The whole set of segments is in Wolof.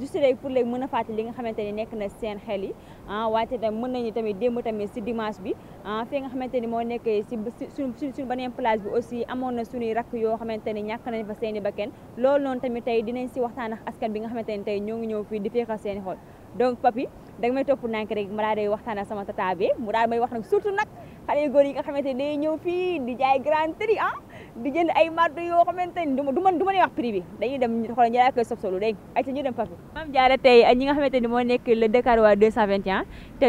juste léegi pour léegi mën a fàttali li nga xamante ni nekk na seen xel yi ah waaye tamit mën nañu tamit démb tamit si dimanche bi ah fii ni moo nekk si suñu suñu beneen place bi aussi amoon na suñuy rakk yoo xamante ni ñàkk nañ fa seen i bakken loolu noonu tamit tey dinañ si waxtaan ak askan bi nga xamante ni tey ñoo ngi ñëw fii di feexal seen i xol donc papi da may topp nànk rek ma daa day waxtaan ak sama tata mu daal may wax nag surtout nag xale yu góor yi nga xamante ni day ñëw fii di jaay grand tri ah. di jënd ay màdd yoo xamante ni du ma du ma du ma wax prix bi dañuy dem xool ñu laaj ko sob solu tey ñi nga xamante ni moo nekk le Dakar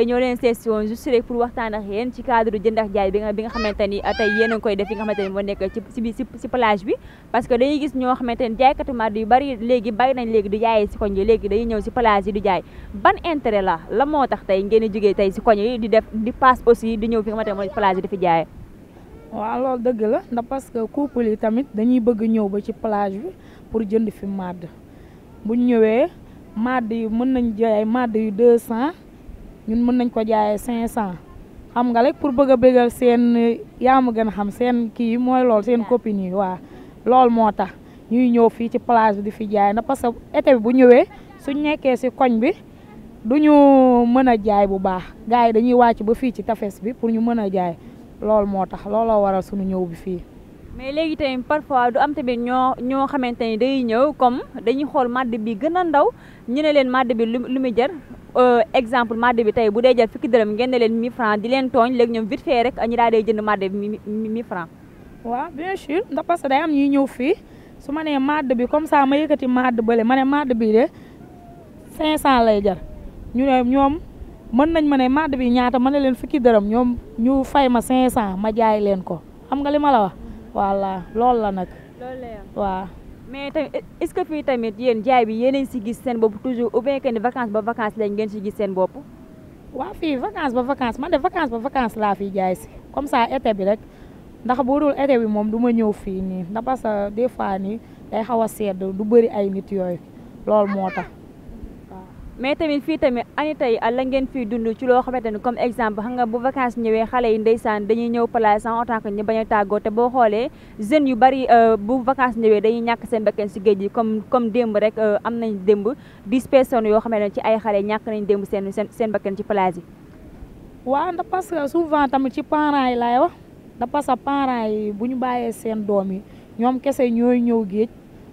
ñoo leen seet si woon juste rek pour waxtaan ak yéen ci cadre jënd ak jaay bi nga bi nga xamante ni ah, tey yéen koy def yi nga xamante ni moo nekk ci bi ci plage bi parce que dañuy gis xamante ni jaaykatu màdd yu bari léegi bàyyi nañ léegi du jaayee si koñ yi léegi dañuy ñëw si plage yi du jaay ban intérêt la la moo tax tey ngeen di jógee tey si di def di passe aussi di ñëw fi nga xamante ni moo plage waaw loolu dëgg la ndax parce que couple yi tamit dañuy bëgg ñëw ba ci plage bi pour jënd fi màdd buñ ñëwee màdd yu mën nañ jaay màdd yu deux cent ñun mën nañ ko jaayee cinq cent xam nga rek pour bëgg a bëggal seen yaa gën a xam seen kii mooy lool seen copine yi waaw loolu moo tax ñuy ñëw fii ci plage bi di fi jaay na parce que été bi bu ñëwee suñ nekkee si koñ bi du ñu mën a jaay bu baax gars yi dañuy wàcc ba fii ci tafes bi pour ñu mën a jaay loolu moo tax looloo waral sunu ñëw bi fii. mais léegi tamit parfois du am tamit ñoo ñoo xamante ni day ñëw comme dañuy xool màdd bi gën a ndaw ñu ne leen madd bi lu muy jar euh, exemple madd bi tey bu dee jar fukki dërëm ngeen ne leen 1000 francs di leen tooñ léegi ñoom vite fait rek ñu daal di jënd madd bi 1000 francs. waaw bien sûr ndax parce que day am ñuy ñëw fii su ma nee madd bi comme ça ma yëkkati madd bële ma ne madd bi de 500 lay jar ñu ne ñoom. mën nañ ma ne madd bi ñaata ma ne leen fukki dërëm ñoom ñu fay ma cinq cent ma jaay leen ko xam nga li ma la wax voilà loolu la nag waa mais tamit est-ce que fii tamit yéen jaay bi yéen si gis seen bopp toujours ou bien que ni vacance ba vacance lañ ngeen si gis bopp waaw fii vacance ba vacance de vacance ba laa fii jaay si comme ça été bi rek ndax bu dul été bi moom du ma ñëw fii nii ndax parce que des fois nii day xaw a sedd du bëri ay nit yooyu loolu moo tax mais tamit fii tamit ani tey la ngeen fiy dund ci loo xamante ni comme exemple xam nga bu vacances ñëwee xale yi ndeysaan dañuy ñëw place en tant que ñu bañ a tàggoo te boo xoolee jeune yu bari euh, bu vacances ñëwee dañuy ñàkk seen bakkan si géej yi comme comme démb rek euh, am nañ démb dix personnes yoo xamante ci ay xale ñàkk nañ démb seen seen seen bakkan ci yi. waaw ndax parce que souvent tamit ci parents yi laay wax ndax parce que parents yi bu ñu bàyyee seen doom yi ñoom kese ñooy ñëw géej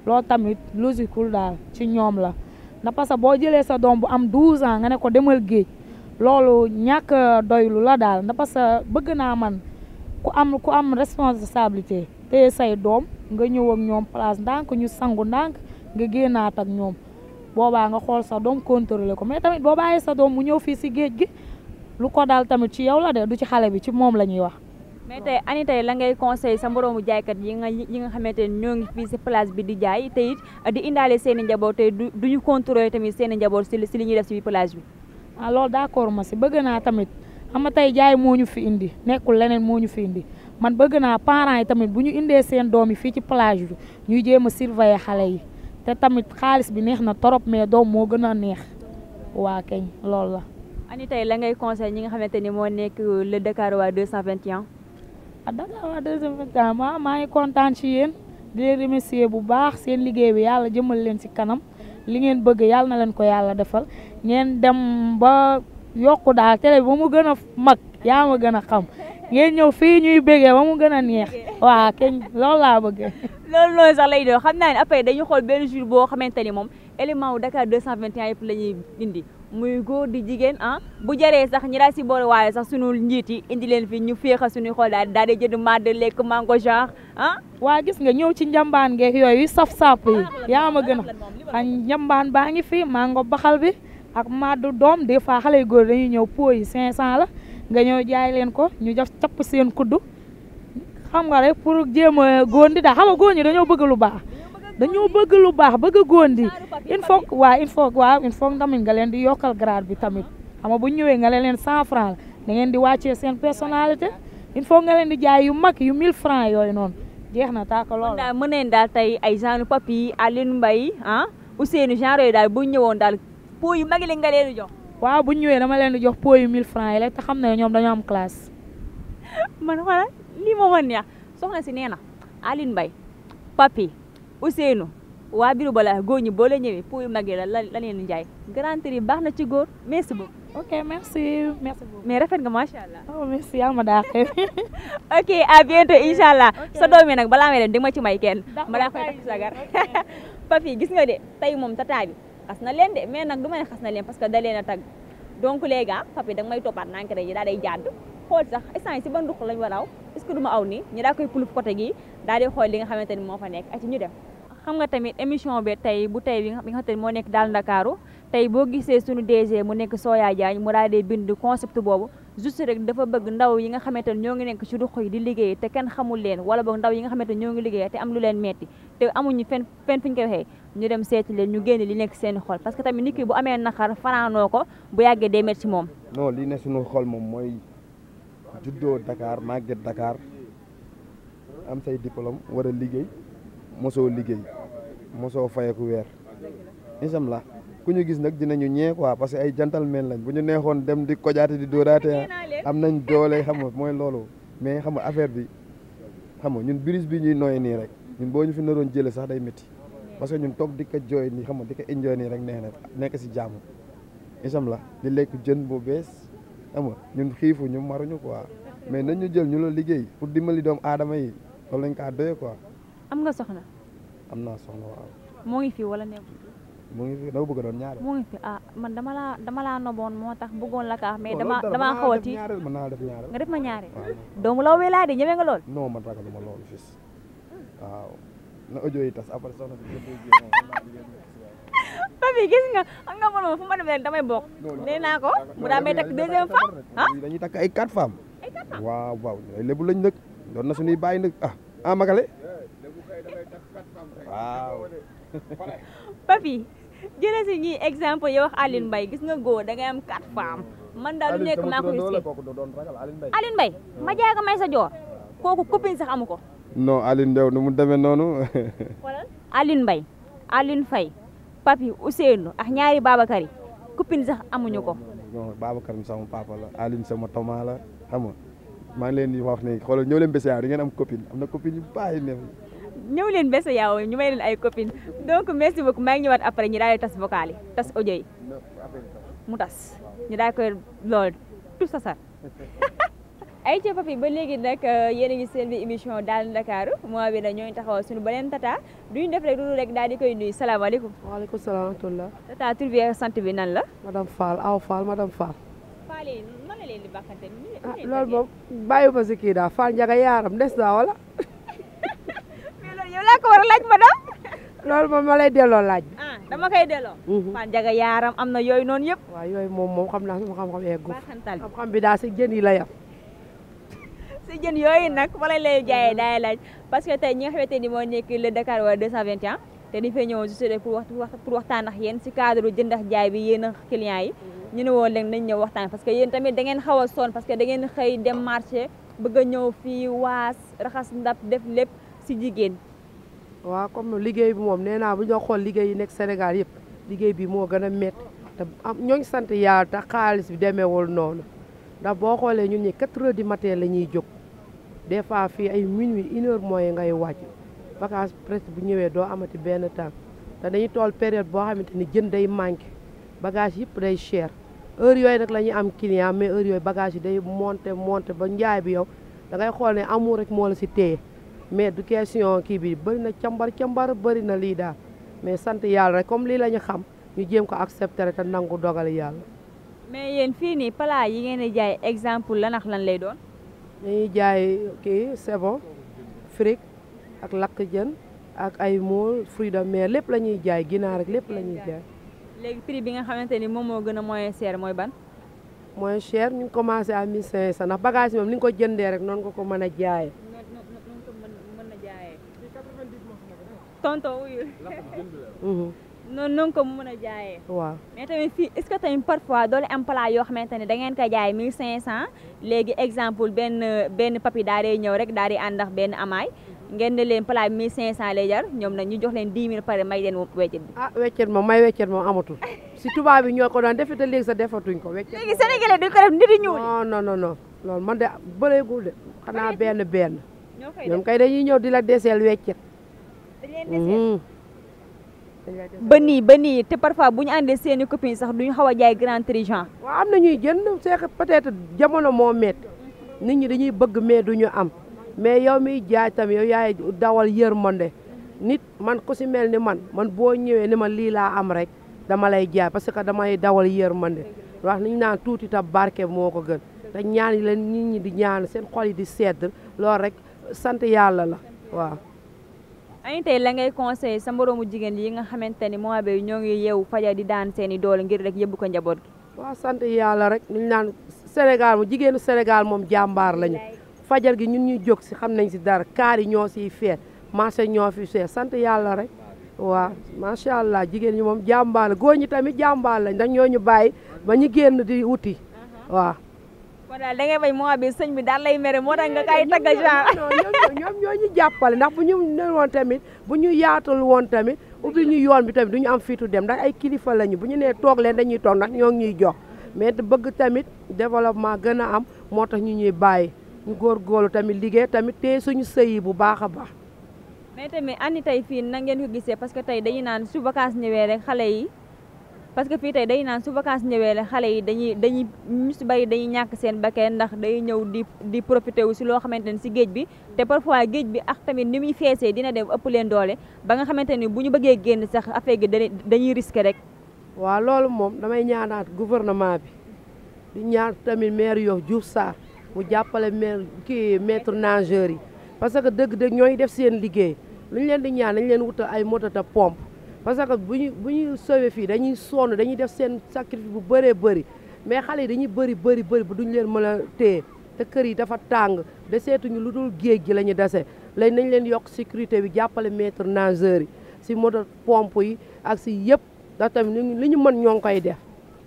loo tamit logique daal ci ñoom la. ndax parce que boo jëlee sa doom bu am 12 ans nga ne ko demal géej loolu ñàkk doylu la daal da parce que bëgg naa man ku am ku am responsabilité te say doom nga ñëw ak ñoom place ndànk ñu sangu ndànk nga génnaat ak ñoom boobaa nga xool sa doom contrôler ko mais tamit boo sa doom mu ñëw fii si géej gi lu ko daal tamit ci yow la de du ci xale bi ci moom la ñuy wax mais tey ani tey la ngay conseil sa moroomu jaaykat ñi nga yi nga xamante ne ñoo ngi fii si place bi di jaay te it di indaale seen i njaboot te du duñu contrôler tamit seen i njaboot si si li ñuy def si plage bi ah loolu d'accord ma si bëgg naa tamit xam tey jaay moo ñu fi indi nekkul leneen moo ñu fi indi man bëgg naa parents yi tamit bu ñu indee seen doom yi fii ci plage bi ñuy jéem a surveiller xale yi te tamit xaalis bi neex na trop mais doom moo gën a neex waa keñ loolu la ani tey la ngay conseil ñi nga xamante ni moo nekk le Dakarois 221 ah Dakar waa 221 waaw maa ngi kontaan ci yéen di leen remercier bu baax seen liggéey bi yàlla jëmal leen ci kanam li ngeen bëgg yàlla na leen ko yàlla defal ngeen dem ba yokku daal télé bi ba mu gën a mag yaa ma gën a xam ngeen ñëw fii ñuy bégee ma mu gën a neex waaw keñ loolu laa bëgg. loolu noonu sax lay doo xam naa ne après dañu xool benn jour boo xamante ni moom élément wu Dakar 221 yëpp la ñuy indi. muy góor di jigéen ah bu jaree sax ñi daal si boole waaye sax sunu njiit yi indi leen fi ñu féex a suñuy xool daal daal di jënd màdd lekk mango genre ah waa gis nga ñëw ci njambaan geeg yooyu saf-sapp yi ah, yaa ma gën a a njambaan baa ngi fi mango baxal bi ak màddu doom des fois xale yu góor dañuy ñëw pot yi cinq cent la nga ñëw jaay leen ko ñu def capp seen kuddu xam nga rek pour jéem a góor di daal xam nga góor ñi dañoo bëgg lu baax dañoo bëgg lu baax bëgg góondi il fo waa il faut waaw il faut tamit nga leen di yokkal grade bi tamit xam nga bu ñëwee nga leen cent franc da ngeen di wàccee seen personnalité il faut nga leen di jaay yu mag yu mille franc yooyu noonu jeex na taa ko lool. daal mën neen daal tey ay genre papi Aline Mbaye ah Ousseynou genre yi daal bu ñëwoon daal pot yu mag li nga jox. waaw bu ñëwee dama leen di jox pot yu mille franc yi rek te xam ne ñoom dañoo am classe. man xoolal lii moo ma neex soxna si nee na Aline Mbaye papi. Ousseynou waa biiru balaa góor ñi boo la ñëwee pour mag yi la la leen jaay garantie yi baax na ci góor merci beaucoup. ok merci merci beaucoup. mais rafet nga macha allah. oh merci yaa ma daa xeeb. ok à bientôt incha allah sa doom yi nag balaa may dem di ma ci may kenn. ma daa koy takk sagar Fafi gis nga de tey moom tata bi xas na leen de mais nag du ma ne xas na leen parce que da leen a tagg donc léegi ah Fafi danga may toppaat nànk rek yi daal day jàdd xool sax instant yi si ban ruq lañ war a aw est ce que du ma aw nii ñu daa koy puluf côté gii daal di xool li nga xamante ni moo fa nekk ak ci ñu dem. xam nga tamit émission bi tey bu tey bi nga xamante ni moo nekk daal ndakaaru tey boo gisee sunu DG mu nekk soo Soya Diagne mu daal di bind concept boobu juste rek dafa bëgg ndaw yi nga xamante ni ñoo ngi nekk ci ruq yi di liggéey te kenn xamul leen wala boog ndaw yi nga xamante ni ñoo ngi liggéey te am lu leen metti te amuñu fenn fenn ko ñu koy ñu dem seeti leen ñu génn li nekk seen xol parce que tamit nit ki bu amee naqar fanaanoo ko bu yàggee day metti ci moom. non li ne suñu xol moom mooy juddoo Dakar màgget Dakar war a liggéey. mosoo liggéey mosoo fayeku weer insam la ku ñu gis nag dinañu ñee quoi parce que ay gentleman lañ bu ñu neexoon dem di kojaate di dóoraate am nañ doole xam nga mooy loolu mais xam nga affaire bi xam nga ñun biris bi ñuy nooy nii rek ñun boo ñu fi naroon jële sax day métti parce que ñun toog di ko jooy nii xam nga di ko enjoy nii rek neex na nekk si jaamu incha la di lekk jën boo bees xam ñun xiifu ñu maruñu quoi mais nañ ñu jël ñu la liggéey pour dimbali doomu aadama yi loolu lañ kaa doye quoi am nga soxna. am naa soxna waaw. moo ngi fi wala nekkul. moo ngi fi dama bëgg doon ñaareel. moo ah, man dama laa dama laa noboon moo tax bëggoon la kaa mais dama dama xaw a tiit mën naa nga def ma ñaareel. doomu law laa de ñeme nga lool. Hmm. na audio yi tas après soxna bi papi gis nga xam nga man fu ma demee rek damay bokk. nee naa ko bu takk deuxième femme ah. dañuy takk ay quatre femmes. ay quatre femmes waaw waaw lébu lañ nag doon na suñuy bàyyi nag ah, ah magale waaw papi jële si ñuy exemple yow wax gis nga góor da ngay am man daal du nekk maa koy Aline Mbaye ma jaaga may sa joor kooku copine sax amu ko non Aline Ndew nu mu demee noonu Aline Mbaye Aline Faye papi Ousseynou ak ñaari Babacar yi copine sax amuñu ko non Babacar mi sama papa la sama toma la xam maa leen di wax ne xoolal ñëw leen bés yaa di ngeen am copine am na copine yu bàyyi ne ñëw leen bés a ñu may leen ay copines donc merci beaucoup maa ngi ñëwaat après ñu daal tas vocal yi tas audio yi mu tas ñu daal koy lool tout ça sar ay ca papi ba léegi nag euh, yéen a ngi seen bi émission daal Ndakaaru mois bi nag ñooñu taxaw suñu beneen tata duñu def rek loolu rek daal di koy nuyu salaamaaleykum waaleykum salaam rahmatullah tata tur sant bi nan la madame Fall aw Fall madame Fall Fall yi ah, moom bàyyi ma si kii daal Fall yaaram des naa wala yaa ko war a laaj loolu moom ma lay delloo laaj. ah dama koy delloo. man mhm. jaga yaaram am na yooyu noonu yëpp. waaw yooyu moom moom xam naa sama xam-xam yeegul. xam-xam bi daal si la yam. si jën yooyu nag fa lañ lay jaayee mhm. daay laaj parce que tey ñi nga xamante ni moo nekk le Dakar wala 221 te di fee ñëwoon juste pour wax pour si cadre jënd ak jaay bi yéen a yi. Mhm. ñu ne woon léegi nañ ñëw waxtaan parce que yéen tamit da ngeen xaw a sonn parce que da ngeen xëy dem marché bëgg a ñëw fii waas raxas ndab def lépp si jigéen waaw comme liggéey bi moom nee naa bu ñoo xool liggéey yi nekk Sénégal yëpp liggéey bi moo gën a métti te am ñoo sant yàlla te xaalis bi demeewul noonu ndax boo xoolee ñun ñi quatre di du matin la ñuy jóg des fois fii ay minuit une heure mooy ngay wàcc vacance presque bu ñëwee doo amati benn temps te dañuy tool période boo xamante ni jën day manqué bagage yëpp day cher heure yooyu nag la ñuy am client mais heure yooyu bagage yi day monté monté ba njaay bi yow dangay ngay xool ne rek moo la si téye mais du question kii bi bari na càmbar càmbar bari na lii daal mais sant yàlla rek comme lii la xam ñu ko accepter rek te nangu dogal yàlla. mais yéen fii nii plat yi ngeen di jaay exemple lan ak lan lay doon. dañuy jaay kii sebon fric ak lakk jën ak ay mool fruits de mer lépp la ñuy jaay ginaar rek lépp la ñuy jaay. léegi prix bi nga cher ban. moyen cher ñu ngi commencé à 1500 nak bagage moom li ko jëndee rek non nga ko mën a tonton wuyul mhm. noonu noonu ko mën a jaayee waaw mais tamit fii est-ce que tamit parfois am plat yoo xamante ne da ngeen ko jaay mille cinq cent léegi exemple benn benn papi daa dee ñëw rek daa dee ànd ak benn amaay ngeen ne leen plat bi mille cent lay jar ñoom nag ñu jox leen dix mille may leen weccet bi ah amatul si tubaab ñoo ko doon defete léegi sax defatuñ ko weccet léegi sénégalais duñ ko def nit ñuul non non non non loolu man de bëreegul de xanaa benn benn ñoom kay dañuy ñëw di la deseel weccet Hmm. ba nii ba nii te parfois bu ñu àndee seeni copines sax duñu xaw a jaay grand trigen waaw am na ñuy jënd c'est peut-être jamono moo métti nit ñi dañuy bëgg du ñu am mais yow mi jaay tam yow yaay dawal yërmande nit man ku si mel ni man man boo ñëwee ni ma lii laa am rek dama lay jaay parce que damay dawal yërmande wax nañu naan tuuti tam barke moo ko gën te ñaan la nit ñi di ñaan seen xol yi di sedd loolu rek sant yàlla la waaw ani tey la ngay conseillé sa moroomu jigéen yi nga xamante ni mois bi ñoo ngi yeewu faja di daan seeni doole ngir rek yóbbu ko njaboot gi waa sant yàlla rek ñu naan Sénégal jigéenu Sénégal moom jàmbaar lañu fajar gi ñun ñuy jóg si xam nañ si dara kaar ñoo si feer marché ñoo fi feer sant yàlla rek waaw macha allah jigéen ñi moom jàmbaar goo ñu tamit jàmbaar lañ dañ ñoo ñu bàyyi ba ñu génn di wuti waaw kon daal da ngay bay moo bi sëñ bi daal lay mere moo tax nga eh, kay eh, taggal genre ñoom ñoo ñu jàppale ndax bu ñu ne woon tamit bu ñu yaatul woon tamit ubbi ñu yoon bi tamit du ñu am fiitu dem ndax ay kilifa lañu bu ñu nee toog leen dañuy toog ndax ñoo ngi ñuy jox mais bëgg tamit développement gën a am moo tax ñu ñuy bàyyi ñu góorgóorlu tamit liggéey tamit te suñu sëy bu baax a baax mais tamit ani tey fii na ngeen ko gisee parce que tey dañu naan su vacances ñëwee rek xale yi parce que fii tey day naan su vacances ñëwee la xale yi dañuy dañuy ñu si bari dañuy seen ndax day di di profité wu si loo xamante ne si géej bi te parfois géej bi ak tamit ni muy feesee dina dem ëpp leen doole ba nga xamante ni bu ñu bëggee génn sax affaire gi dañuy risqué rek waaw loolu moom damay ñaanaat gouvernement bi di ñaan tamit maire Yoff Diouf Sarr mu jàppale maire kii maître nageurs yi parce que dëgg def seen liggéey leen di ñaan leen wutal ay moto pompe parce que bu ñu bu ñu sauvé fii dañuy sonn dañuy def seen sacrifice bu bëree bëri mais xale yi dañuy bëri bëri bëri bu duñu leen mën a téye te kër yi dafa tàng deseetuñu lu dul géej gi la ñu dese léegi nañ leen yokk sécurité bi jàppale maître nageur yi si moto pompe yi ak si yëpp ndax tamit li ñu mën ñoo koy def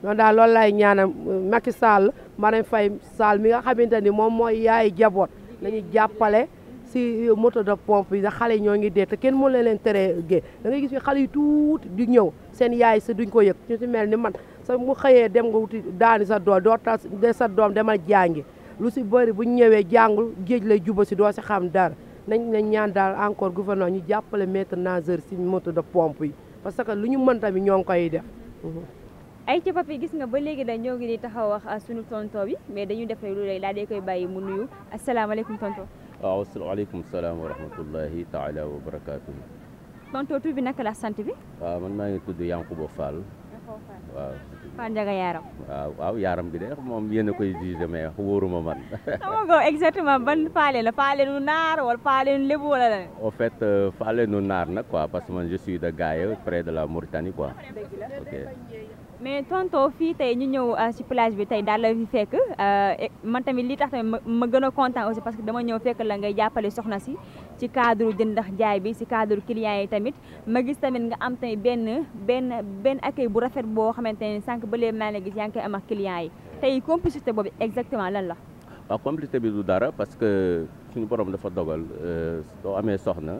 noonu daal loolu laay ñaanam euh, Macky Sall Marème Faye Sall mi nga xamante ni moom mooy yaay jaboot lañu jàppale si moto de pompe yi xale yi ñoo ngi dee te kenn mën leen tere gée da ngay gis fi xale yi tuuti di ñëw seen yaay sa duñ ko yëg si mel ni man sa mu xëyee dem nga wuti daani sa doom doo tas sa doom demal jàngi lu si bëri bu ñu ñëwee jàngul géej lay juba si doo si xam dara nañ nañ ñaan daal encore gouvernement ñu jàppale maître nageur si moto de pompe yi parce que lu ñu mën tamit ñoo ngi koy def. Mhm. ay ci papi gis nga ba léegi nag ñoo ngi di taxaw wax sunu tonto bi mais dañu def lu lay daal di koy bàyyi mu nuyu asalaamaaleykum tonto. waaw asalaamaaleykum salaam wa rahmatullahi taala wa barakaatuhu. tonton bi naka la sant bi. waaw man maa ngi tudd Yankuba Fall. waaw. yaaram Ndiaga Yaram. waaw gi de moom yéen a koy jugé mais wóoruma man. xam nga exactement ban faale la faale nu naar wala faale nu lébu wala la. en fait euh, faale nu naar na quoi parce que man je suis de Gaye près de la Mauritanie quoi. mais tonto fii tey ñu ñëw ci euh, plage bi tey daal la fi fekk euh, man tamit li tax tamit ma gën a content aussi parce que dama ñëw fekk la ngay jàppale soxna si ci cadre jënd ndax jaay bi ci cadre client yi tamit ma gis tamit nga am tamit benn benn benn accueil bu rafet boo xamante ne sànq ba léegi maa ngi gis am ak client yi tey complicité boobu exactement lan la. waaw complicité bi du dara parce que suñu borom dafa dogal euh, soo amee soxna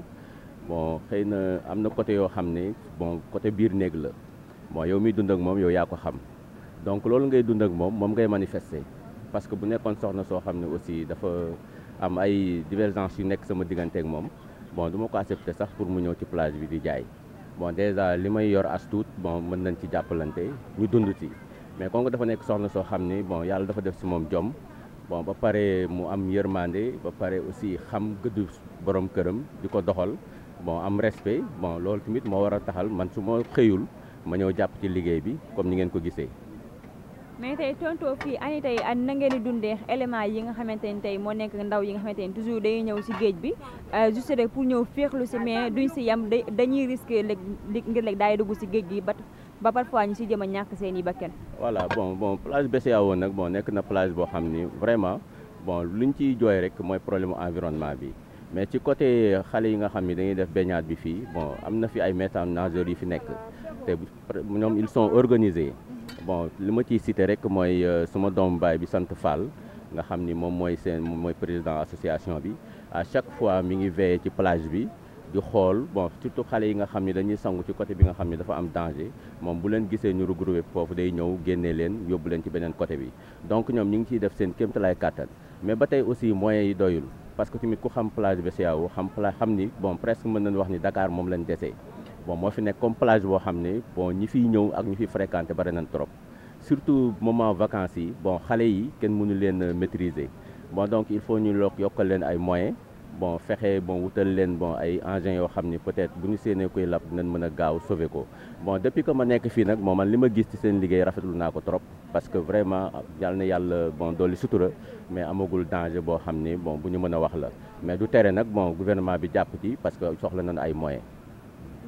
bon xëy na am na côté yoo xam ne bon côté biir néeg la. bon yow miy dund ak moom yow yaa ko xam donc loolu ngay dund ak moom moom ngay manifester parce que bu nekkoon soxna soo xam ne aussi dafa am ay divergence yu nekk sama diggante ak moom bon du ma ko accepter sax pour mu ñëw ci plage bi di jaay bon déjà li may yor as bon mën nañ ci jàppalante ñu dund ci mais kon dafa nekk soxna soo xam ni bon yàlla dafa def si moom jom bon ba pare mu am yërmande ba pare aussi xam gëddu borom këram di ko doxal bon am respect bon loolu tamit moo war a taxal man su ma xëyul. ma ñëw jàpp ci liggéey bi comme ni ngeen ko gisee. mais tey tontoo fii ani an na ngeen di dundee élément yi nga xamante ni tey moo nekk ndaw yi nga xamante ni toujours dañuy ñëw si géej bi euh, juste rek pour ñëw féexlu si mais duñ si yam dañuy risqué léeg ngir léeg daay dugg si géej gi ba ba parfois ñu si jëm a ñàkk seen i bakkan voilà bon bon plage BCEAO nag bon nekk na plage boo xam ni vraiment bon luñ ciy jooy rek mooy problème environnement bi mais ci côté xale yi nga xam ni dañuy def baignade bi fii bon am na fi ay maîtres nageurs fi nekk te ñoom ils sont organisés bon li ma ciy cité rek mooy euh, suma doom baay bi sant Fall nga xam ni moom mooy seen mooy président association bi à chaque fois mi ngi veillé ci plage bi di xool bon surtout xale yi nga xam ni dañuy sangu ci côté bi nga xam ni dafa am danger moom bu leen gisee ñu regroupé foofu day ñëw génnee leen yóbbu leen ci beneen côté bi donc ñoom ñu ngi ciy def seen kéemtalaay kàttan mais ba tey aussi moyens yi doyul parce que tamit ku xam plage BCEAO xam plage xam ni bon presque mën nañu wax ni Dakar moom lañ desee bon moo fi nekk comme plage bo xamné bon ñi fi ñew ak ñi fi fréquenté bari nañ trop surtout moment vacances yi bon xalé yi ken mënu leen maîtriser bon donc il faut ñu loog yokal leen ay moyens bon fexé bon wutal leen bon ay engins yo xamné peut-être bu ñu séné koy lab dinañ mëna a gaaw sauver ko bon depuis que ma nekk fi nak moom man li gis ci seen liggéey rafetlu naa ko trop parce que vraiment yal na yalla bon doli sutura mais amagul danger bo xamné bon bu ñu mëna wax la mais du tere nak bon gouvernement bi japp ci parce que soxla nañ ay moyens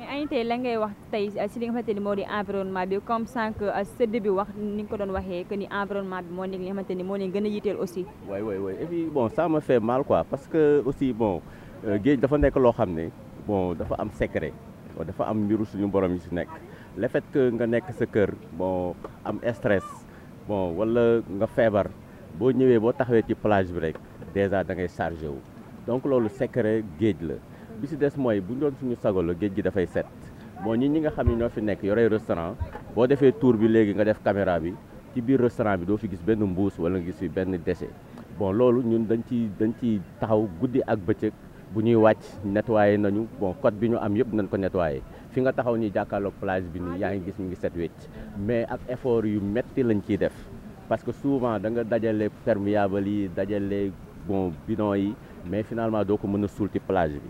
Agnès tey la ngay wax tey ah, si li nga xamante ni moo di environnement bi comme sànq ah, sëdd wax ni nga ko doon waxee que ni environnement bi moo nekk li nga ni moo leen gën a yitteel aussi. waay waay waay et puis bon ça me fait mal quoi parce que aussi boo euh, géej dafa nekk loo xam ne bon dafa am secret dafa am mbiru suñu borom yi si nekk le fait que nga nekk sa kër bon am stress bon wala nga feebar boo ñëwee boo taxawee ci plage bi rek déjà da ngay chargé wu donc loolu secret géej la. bi si des mooy bu doon suñu sagolo géej gi dafay set bon ñi ñi nga xam ne ñoo fi nekk yorey restaurant boo defee tour bi léegi nga def caméra bi ci biir restaurant bi doo fi gis benn mbuus wala gis fi benn déchet bon loolu ñun dañ ci dañ ci taxaw guddi ak bëccëg bu ñuy wàcc nettoyé nañu bon code bi ñu am yëpp nañ ko nettoyé fi nga taxaw ni jàkkaarloog plage bi nii yaa ngi gis ñu ngi set wecc mais ak effort yu metti lañ ciy def parce que souvent da nga dajale perméable yi dajale bon bidon yi mais finalement doo ko mën a suul plage bi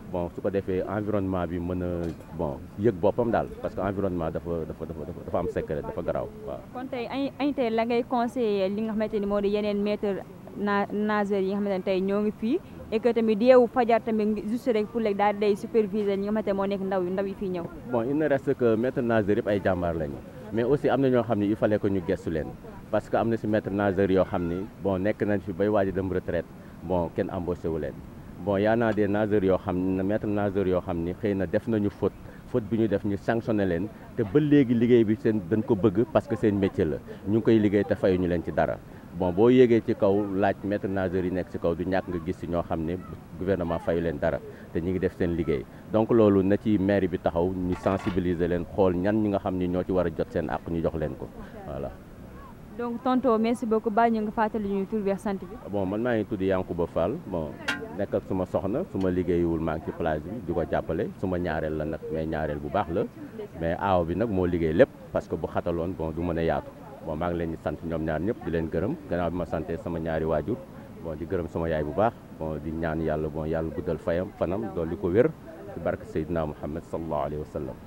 bon su ko defee environnement bi mën a bon yëg boppam daal parce que environnement dafa dafa dafa dafa am secret dafa garaaw kon tey ay tey la ngay conseiller li nga xamante ni moo di yeneen maître nageur yi nga ne tey ñoo ngi fii et que tamit yeewu fajar tamit juste rek pour léegi daal day superviser ñi nga xamante ne moo nekk ndaw ndaw yi fii ñëw. bon il ne reste que maître nageur yëpp ay jàmbaar lañu mais aussi am na ñoo xam ne il fallait que ñu gestu leen parce que am na si maître nageur yoo xam ni bon nekk nañ fi bay waaj bon kenn embauché wu leen. bon yaa naa des nageurs yoo xam ne maître nageur yoo xam ni xëy na def nañu faute faute bi ñu def ñu sanctionné leen te ba léegi liggéey bi seen dañ ko bëgg parce que seen métier la ñu ngi koy liggéey te fayuñu leen ci dara bon boo yéegee ci kaw laaj maître nageur yi nekk ci kaw du ñàkk nga gis si ñoo xam ne gouvernement fayu leen dara te ñu ngi def seen liggéey donc loolu na ciy mairie bi taxaw ñu sensibiliser leen xool ñan ñi nga xam ni ñoo ci war a jot seen àq ñu jox leen ko voilà donc tonto merci beaucoup baa ñu nga fàttali ñuy tur beex sant bi. bon man maa ngi tudd Yankuba Fall bon nekk ak suma soxna suma ma liggéeyul maa ngi ci plage bi di ko jàppale suma ñaareel la nag mais ñaareel bu baax la mais aaw bi nag moo liggéey lépp parce que bu xataloon bon du mën a yaatu bon maa ngi leen sant ñoom ñaar ñëpp di leen gërëm gannaaw bi ma santee sama ñaari waajur bon di gërëm sama yaay bu baax bon di ñaan yàlla boo yàlla guddal fayam fanam dool li ko wér ci barke Seydina Muhammad sallallahu alayhi wa sallam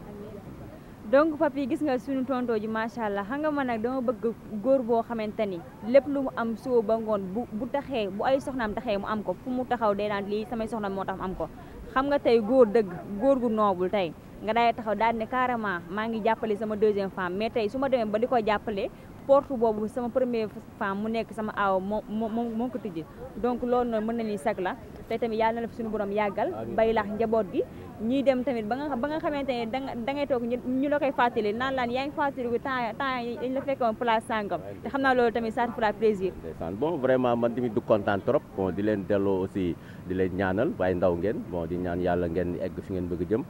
donc papi gis nga suñu tonto ji macha allah nga man nag dama bëgg góor boo xamante ni lépp lu mu am suba ba ngoon bu bu taxee bu ay soxnaam taxee mu am ko fu mu taxaw dee naan lii samay soxnaam moo tax mu am ko xam nga tey góor dëgg góor gu noobul tey nga daay taxaw daal ne carrément maa ngi jàppale sama deuxième femme mais tey su ma demee ba di ko jàppale porte boobu sama première femme mu nekk sama aaw moom moom moo ko tijji donc loolu noonu mën nañuy sag la te tamit yàlla na la suñu borom yàggal bay laax njaboot gi ñuy dem tamit ba nga ba nga xamante ne da ngay toog ñu la koy fàttali naan laan yaa fàttali bu temps la fekkoon place sàngam xam naa loolu tamit ça te fera plaisir bon vraiment man tamit du kontaan trop bon di leen delloo aussi di leen ñaanal waaye ndaw ngeen bon di ñaan yàlla ngeen egg fi ngeen bëgg jëm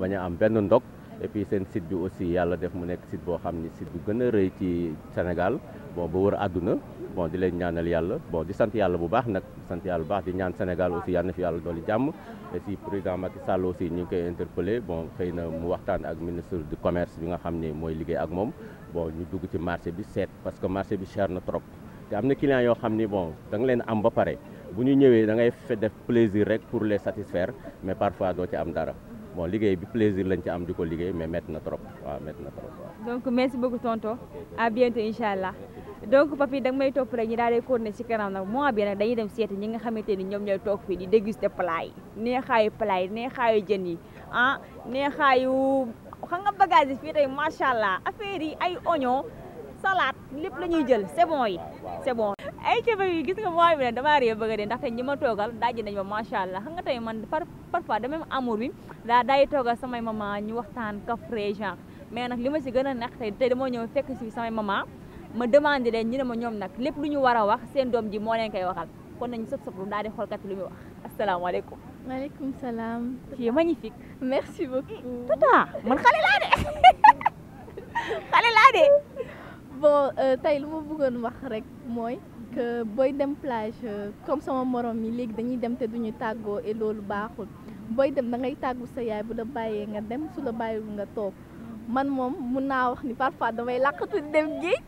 bañ a am benn ndog et seen site bi aussi yàlla def mu nekk site boo xam ni site bu gën a rëy ci Sénégal bon ba wër àdduna bon di leen ñaanal yàlla boo di sant yàlla bu baax nag sant yàlla bu baax di ñaan Sénégal aussi yàlla na fi yàlla jàmm et si président Macky Sall aussi ñu ngi koy interpellé bon xëy na mu waxtaan ak ministre du commerce bi nga xam ne mooy liggéey ak moom boo ñu dugg ci marché bi seet parce que marché bi cher na trop te am na clients yoo xam ni bon da nga leen am ba pare bu ñu ñëwee da ngay def plaisir rek pour les satisfaire mais parfois doo ci am dara bon liggéey bi plaisir lañ ci am di ko liggéey mais métti na trop waaw métti na trop waaw. donc merci beaucoup tonton à bientôt incha allah donc papi da nga may topp rek ñi daal di continuer si kanam nag mois bi nag dañuy dem seeti ñi nga xamante ni ñoom ñooy toog fi di déguster plat yi neexaayu plat yi neexaayu jën yi ah neexaayu xam nga bagage yi fii tey macha allah affaire yi ay oignon. salaat lépp la ñuy jël c'est yi c'est bon ay caba yi gis nga mooy bi ne ñi ma toogal daaji nañ macha allah xam nga tey man par parfois de même amour bi daa daay toogal samay maman ñu waxtaan kafre genre mais nag li ma si gën a neex tey tey dama ñëw fekk si samay maman ma demandé ñu ne ma ñoom nag lépp lu ñu war a wax seen doom ji moo leen koy waxal kon nañu sëb sëb lu daal di xoolkat lu muy wax asalaamaaleykum maaleykum salaam tu es magnifique merci beaucoup tata man xale laa de xale laa de bon e, tey lu ma bëggoon wax rek mooy que booy dem plage e, comme sama morom yi léegi dañuy dem te duñu tàggoo et loolu baaxul booy dem da ngay tàggu sa yaay bu la bàyyee nga dem su la bàyyiwul nga toog man moom mun naa wax ni parfois damay làqatu dem géej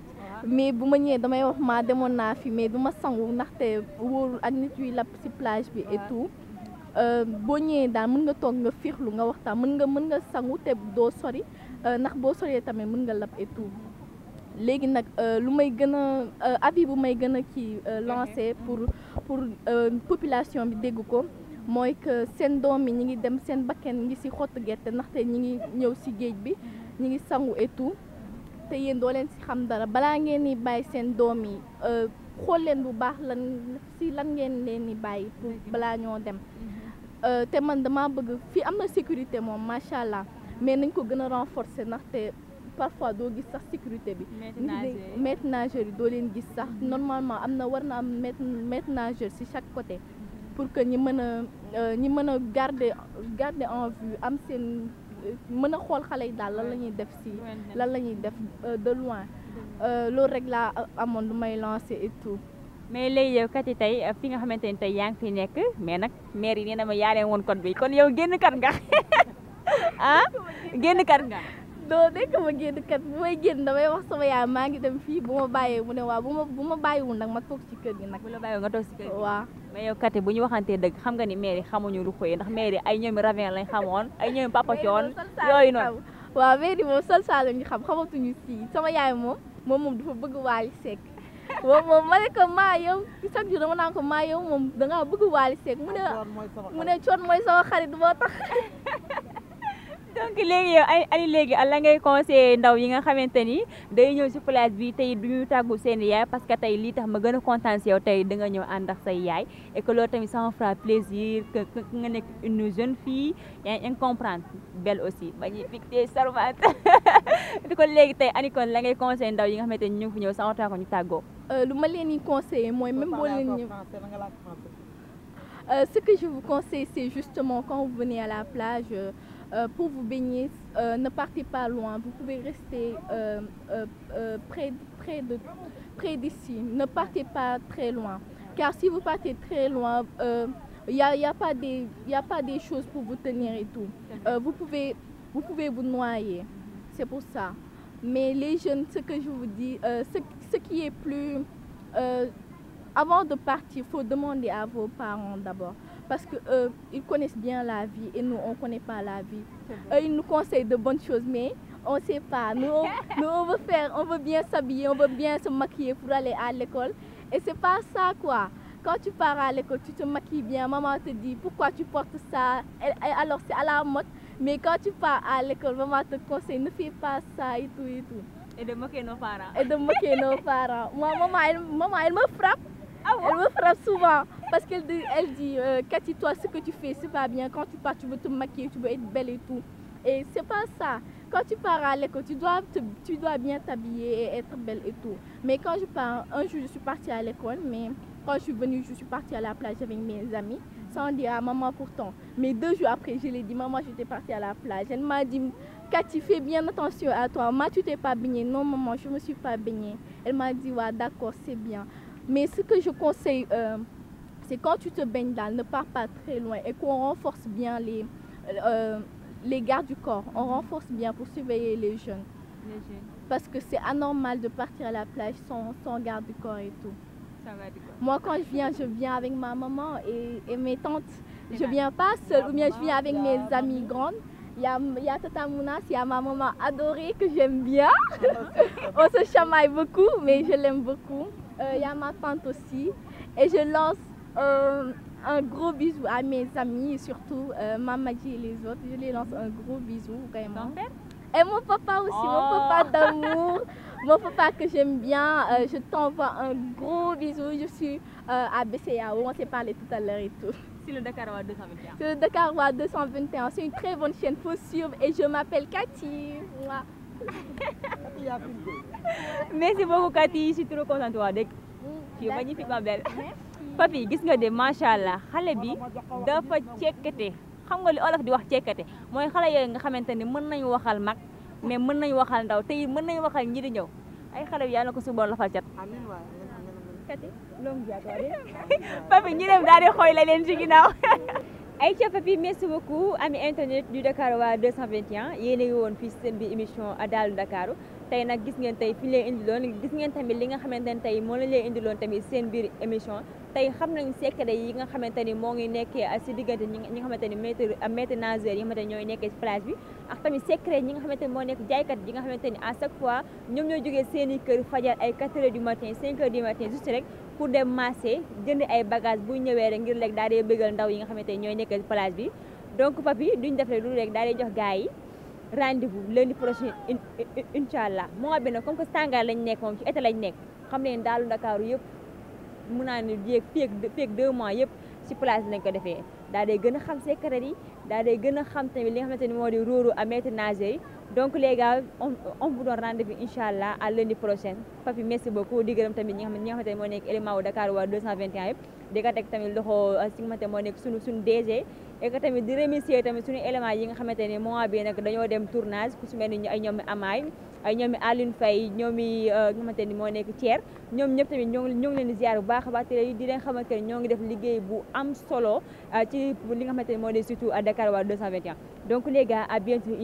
mais bu ma ñëwee damay wax maa demoon naa fi mais du ma sangu ndaxte wóorul ak nit yuy lapp si plage bi et tout e, boo ñëwee daal mën nga toog nga fiixlu nga waxtaan mën nga mën nga sangu te doo sori ndax boo soree tamit mën nga lapp et tout léegi nag euh, lu may gën a euh, avis bu may gën a kii euh, lancé pour pour population bi dégg ko mooy que seen doom yi ñu ngi dem seen bakken ngi si xottu gerte ndaxte ñu ngi ñëw si géej bi ñu ngi sangu et tout te yéen doo leen si xam dara balaa ngeen ni bàyyi seen doom yi xool leen bu baax lan si lan ngeen leen ni bàyyi pour balaa ñoo dem te man dama bëgg fii am na sécurité moom macha allah mais nañ ko gën a renforcer ndaxte parfois do gis sax sécurité bi maître nageur yi doo gis sax mm-hmm. normalement amna na am maître nageur ci chaque côté pour que ñi mëna euh, ñi mëna garder garder en vue am sen euh, mëna xol xalé dal lan lañuy def ci lan lañuy def euh, de loin mm-hmm. lool rek la amone lu may lancer et tout mais lay yow kat yi fi nga xamante tay tey ngi fi nekk mais nak maire yi nee na ma yaa won woon bi kon yow genn kat nga ah genn kat nga doo dégg ma génn kat bu may génn damay wax sama yaay maa ngi dem fii bu ma bàyyee mu ne waaw bu ma bu ma bàyyiwul nag ma toog ci kër gi nag. bu la bàyyiwul nga toog ci kër gi waaw. mais yow kat bu ñu waxantee dëgg xam nga ni maire yi xamuñu lu xëy ndax maire yi ay ñoom ravin lañ xamoon ay ñoom papa coon yooyu noonu. waaw maire yi moom sol saa lañu sama yaay moom moom moom dafa bëgg Wally Seck moom yow chaque jour dama naan ko maa yow moom bëgg Wally Seck mu ne mu ne coon mooy sama xarit moo tax donc léegi yow Aliou léegi la ngay conseillé ndaw yi nga xamante day ñëw parce que tey lii tax ma gën a à yow et que plaisir que nga une jeune fille comprendre belle aussi ani la ngay ndaw yi nga ñu ce que je vous conseille c'est justement quand vous venez à la plage. Euh, euh, pour vous baigner. Euh, ne partez pas loin, vous pouvez rester euh, près, de, près d'ici. Ne partez pas très loin, car si vous partez très loin, il n'y a, pas des, choses pour vous tenir et tout. vous, pouvez, vous noyer, c'est pour ça. Mais les jeunes, ce que je vous dis, ce, qui est plus avant de partir, il faut demander à vos parents d'abord parce qu'ils euh, ils connaissent bien la vie et nous, on ne connaît pas la vie. Eux, ils nous conseillent de bonnes choses, mais on ne sait pas. Nous, nous, on veut faire, on veut bien s'habiller, on veut bien se maquiller pour aller à l'école. Et c'est pas ça, quoi. Quand tu pars à l'école, tu te maquilles bien, maman te dit pourquoi tu portes ça, alors c'est à la mode. Mais quand tu pars à l'école, maman te conseille, ne fais pas ça et tout et tout. Et de moquer nos parents. Et de moquer nos parents. Moi, maman, maman, elle me frappe. Ah elle me frappe souvent parce qu'elle dit, euh, Cathy, toi, ce que tu fais, c'est pas bien. Quand tu pars, tu veux te maquiller, tu veux être belle et tout. Et c'est pas ça. Quand tu pars à l'école, tu dois, tu dois bien t'habiller et être belle et tout. Mais quand je pars, un jour, je suis partie à l'école, mais quand je suis venue, je suis partie à la plage avec mes amis, sans dire à maman pourtant. Mais deux jours après, je lui ai dit, maman, je j'étais partie à la plage. Elle m'a dit, Cathy, fais bien attention à toi. moi tu t'es pas baignée. Non, maman, je me suis pas baignée. Elle m'a dit, ouais, d'accord, c'est bien. Mais ce que je conseille, euh, c'est quand tu te baignes là, ne pars pas très loin et qu'on renforce bien les, euh, euh, les gardes du corps. On renforce bien pour surveiller les jeunes. Parce que c'est anormal de partir à la plage sans, sans garde du corps et tout. Moi, quand je viens, je viens avec ma maman et, mes tantes. Je viens pas seule, ou bien je viens avec mes amis grandes. Il y a, il y a Tata Mounas, il y a ma maman adorée que j'aime bien. Ah, On se chamaille beaucoup, mais je l'aime beaucoup. Euh, il y a ma tante aussi. Et je lance un gros bisou à mes amis, et surtout euh, Mamadi et les autres. Je les lance un gros bisou, vraiment. Et mon papa aussi, mon oh. papa d'amour, mon papa que j'aime bien. Euh, je t'envoie un gros bisou. Je suis à BCAO, on s'est parlé tout à l'heure et tout. C'est le Dakarois 221. C'est le 221. C'est une très bonne chaîne, faut suivre. Et je m'appelle Cathy. merci beaucoup Cathy je suis trop contente waa dëgg tu es magnifiquement belle papi gis nga de macha allah xale bi dafa cekkate xam nga li olof di wax cekkate mooy xale yooyu nga xamante ne mën nañu waxal mag mais mën nañu waxal ndaw te mën nañu waxal ñi di ñëw ay xale bi na ko suboon lafal cat papi ñi dem la leen ci ay ca papi merci beaucoup ami internet du Dakar waa 221 yéen a ngi woon fii seen bi émission Daalu Dakar tey nag gis ngeen tey fi leen indiloon gis ngeen tamit li nga xamante ne tey moo la leen indiloon tamit seen biir émission tey xam nañ secret yi nga xamante ni moo ngi nekkee si diggante ñi nga xamante ni maître maître nageur yi nga xamante ni ñooy nekkee si plage bi ak tamit secret ñi nga xamante ni moo nekk jaaykat yi nga xamante ni à chaque fois ñoom ñoo jógee seen i kër fajar ay 4 heures du matin 5 du matin rek ku dem marché jënd ay bagage bu ñëwee rek ngir lekk daal di bëggal ndaw yi nga xamante ne ñooy nekkal plage bi donc papi duñ def rek lu rek daal di jox gars yi rendez-vous lundi prochain incha allah mois bi nag comme que sangaar lañ nekk moom ci été lañ nekk xam leen daalu ndakaaru yëpp mun naa ne jéeg peeg peeg deux mois yëpp ci plage bi lañ ko defee daal di gën a xam secret yi daal day gën a xam tamit li nga xamante ni moo di ruuru ak maître nageur yi donc les gars on vous donne rendez-vous incha allah à lundi prochain Papi merci beaucoup di gërëm tamit ñi nga xamante ne moo nekk élément wu Dakar waa 221 yëpp di ko teg tamit loxo si nga xamante moo nekk sunu sunu DG et que tamit di remercier tamit suñu élément yi nga xamante ne moment bi nag dañoo dem tournage ku si mel ni ay ñoomi amaay ay ñoomi Aline Faye ñoomi uh, nga xamante ni moo nekk Thier ñoom tamit ñoo ngi leen di ziar bu baax a baax di leen def liggéey bu am solo uh, ci li nga xamante ne moo ne surtout à Dakar waa 221 donc les gars à bientôt